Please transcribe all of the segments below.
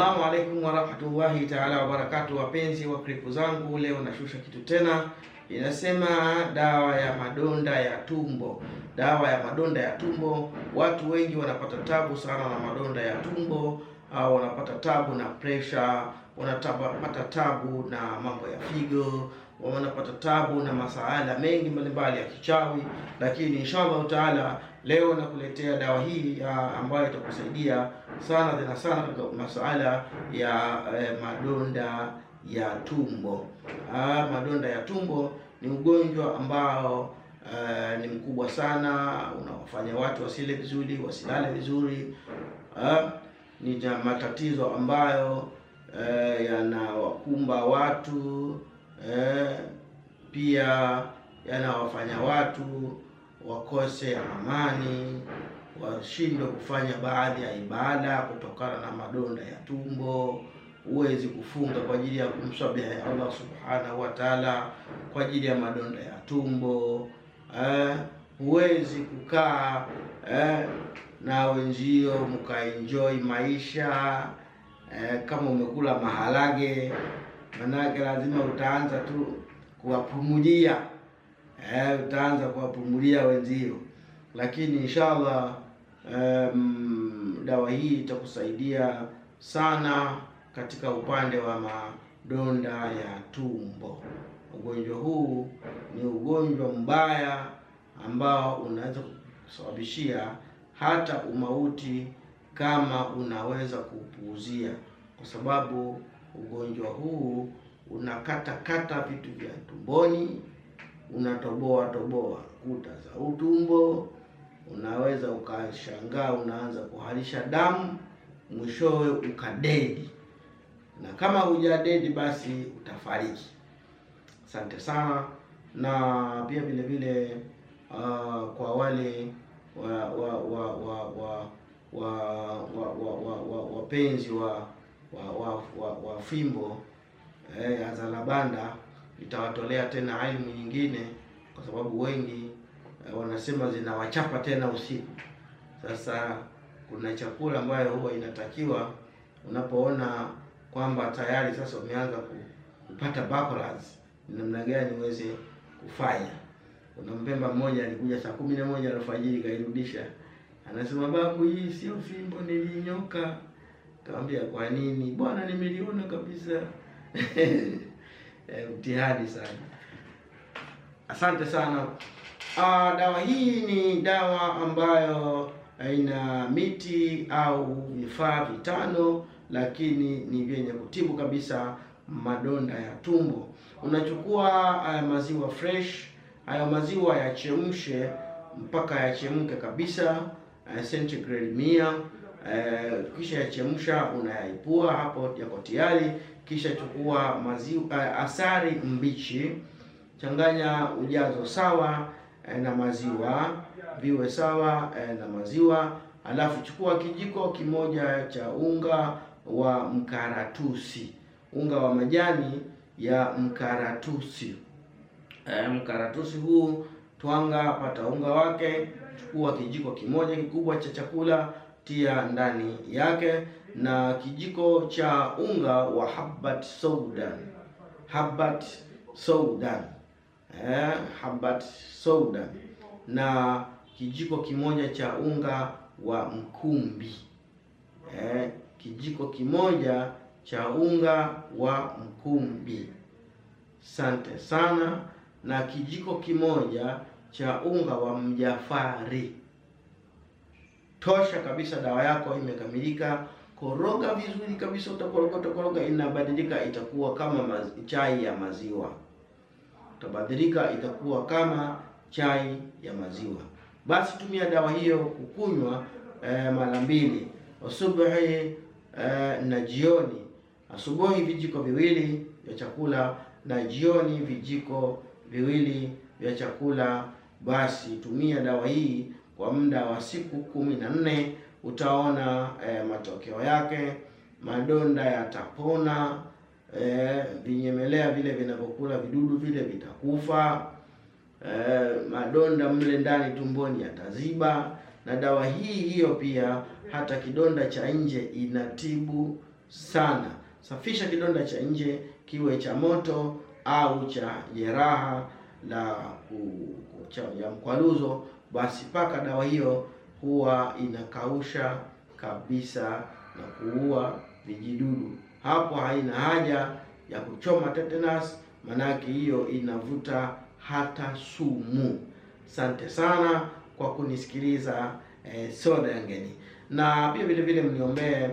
alaykum alaikum warahmatullahi taala wabarakatu, wapenzi wa kripu zangu, leo nashusha kitu tena. Inasema dawa ya madonda ya tumbo, dawa ya madonda ya tumbo. Watu wengi wanapata tabu sana na madonda ya tumbo, au wanapata tabu na pressure, wanapata tabu na mambo ya figo, wanapata tabu na masaala mengi mbalimbali ya kichawi, lakini inshallah taala Leo nakuletea dawa hii ah, ambayo itakusaidia sana tena sana katika masuala ya eh, madonda ya tumbo. Ah, madonda ya tumbo ni ugonjwa ambao eh, ni mkubwa sana, unawafanya watu wasile vizuri, wasilale vizuri. Ah, ni matatizo ambayo eh, yanawakumba watu eh, pia yanawafanya watu wakose amani, washindwe kufanya baadhi ya ibada kutokana na madonda ya tumbo. Huwezi kufunga kwa ajili ya kumswabiha Allah subhanahu wa taala kwa ajili ya madonda ya tumbo eh, huwezi kukaa eh, na wenzio mkaenjoy maisha eh, kama umekula maharage, manake lazima utaanza tu kuwapumujia eh, utaanza kuwapumulia wenzio, lakini inshallah um, dawa hii itakusaidia sana katika upande wa madonda ya tumbo. Ugonjwa huu ni ugonjwa mbaya ambao unaweza kusababishia hata umauti kama unaweza kupuuzia, kwa sababu ugonjwa huu unakatakata vitu vya tumboni unatoboa toboa kuta za utumbo, unaweza ukashangaa unaanza kuharisha damu, mwishowe ukadedi, na kama hujadedi basi utafariki. Asante sana. Na pia vile vile uh, kwa wale wa wa wa wa wa wa wapenzi wa wa wa wa fimbo eh, azalabanda itawatolea tena elimu nyingine, kwa sababu wengi eh, wanasema zinawachapa tena usiku. Sasa kuna chakula ambayo huwa inatakiwa unapoona kwamba tayari sasa umeanza kupata backlogs, ni namna gani uweze kufanya. Kuna mpemba mmoja alikuja saa kumi na moja alfajiri kairudisha, anasema babu, hii sio fimbo, nilinyoka. Kaambia kwa nini bwana, nimeliona kabisa e, mtihani sana. Asante sana. Aa, ah, dawa hii ni dawa ambayo eh, ina miti au vifaa vitano, lakini ni vyenye kutibu kabisa madonda ya tumbo. Unachukua uh, maziwa fresh hayo maziwa yachemshe mpaka yachemke kabisa, uh, mia eh, kisha yachemsha, unayaipua hapo, yako tayari. Kisha chukua maziwa, eh, asali mbichi, changanya ujazo sawa eh, na maziwa viwe sawa eh, na maziwa, alafu chukua kijiko kimoja cha unga wa mkaratusi, unga wa majani ya mkaratusi. E, mkaratusi huu twanga, pata unga wake, chukua kijiko kimoja kikubwa cha chakula tia ndani yake na kijiko cha unga wa habbat soudan, habbat soudan, eh, habbat soudan na kijiko kimoja cha unga wa mkumbi eh, kijiko kimoja cha unga wa mkumbi. Sante sana, na kijiko kimoja cha unga wa mjafari tosha kabisa, dawa yako imekamilika. Koroga vizuri kabisa, utakoroga utakoroga, inabadilika, itakuwa kama maz chai ya maziwa, utabadilika, itakuwa kama chai ya maziwa. Basi tumia dawa hiyo kukunywa eh, mara mbili asubuhi eh, na jioni. Asubuhi vijiko viwili vya chakula na jioni vijiko viwili vya chakula. Basi tumia dawa hii kwa muda wa siku kumi na nne utaona e, matokeo yake. Madonda yatapona, e, vinyemelea vile vinavyokula vidudu vile vitakufa, e, madonda mle ndani tumboni yataziba, na dawa hii hiyo pia hata kidonda cha nje inatibu sana. Safisha kidonda cha nje kiwe cha moto au cha jeraha la cha mkwaluzo basi paka dawa hiyo huwa inakausha kabisa na kuua vijidudu. Hapo haina haja ya kuchoma tetanus, manake hiyo inavuta hata sumu. Asante sana kwa kunisikiliza eh, soda yangeni, na pia vile vile mniombee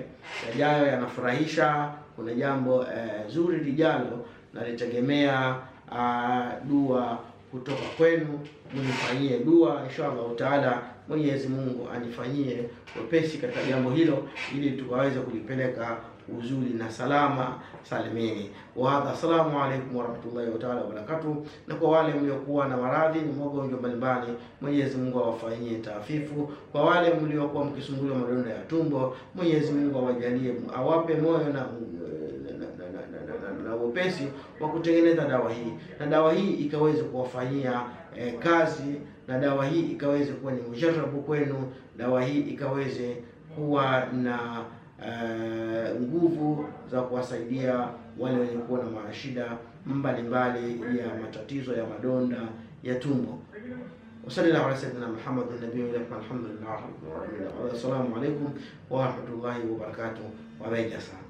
yajayo yanafurahisha. Kuna jambo eh, zuri lijalo, nalitegemea ah, dua kutoka kwenu, mnifanyie dua inshallah taala. Mwenyezi Mungu anifanyie wepesi katika jambo hilo, ili tukaweze kulipeleka uzuri na salama salimini. Wa assalamu alaykum wa rahmatullahi wa ta'ala wa barakatuh. Na kwa wale mliokuwa na maradhi na magonjwa mbalimbali, Mwenyezi Mungu awafanyie taafifu. Kwa wale mliokuwa mkisumbuliwa madonda ya tumbo, Mwenyezi Mungu awajalie, awape moyo na na wepesi wa kutengeneza dawa hii na dawa hii ikaweze kuwafanyia e, kazi na dawa hii ikaweze kuwa ni mujarabu kwenu, dawa hii ikaweze kuwa na e, nguvu za kuwasaidia wale wenye kuwa na mashida mbalimbali ya matatizo ya madonda ya tumbo. Wasallallahu ala sayyidina Muhammadin nabiy wa alhamdulillah. Assalamu alaykum wa rahmatullahi wa barakatuh. Wabarakatuh.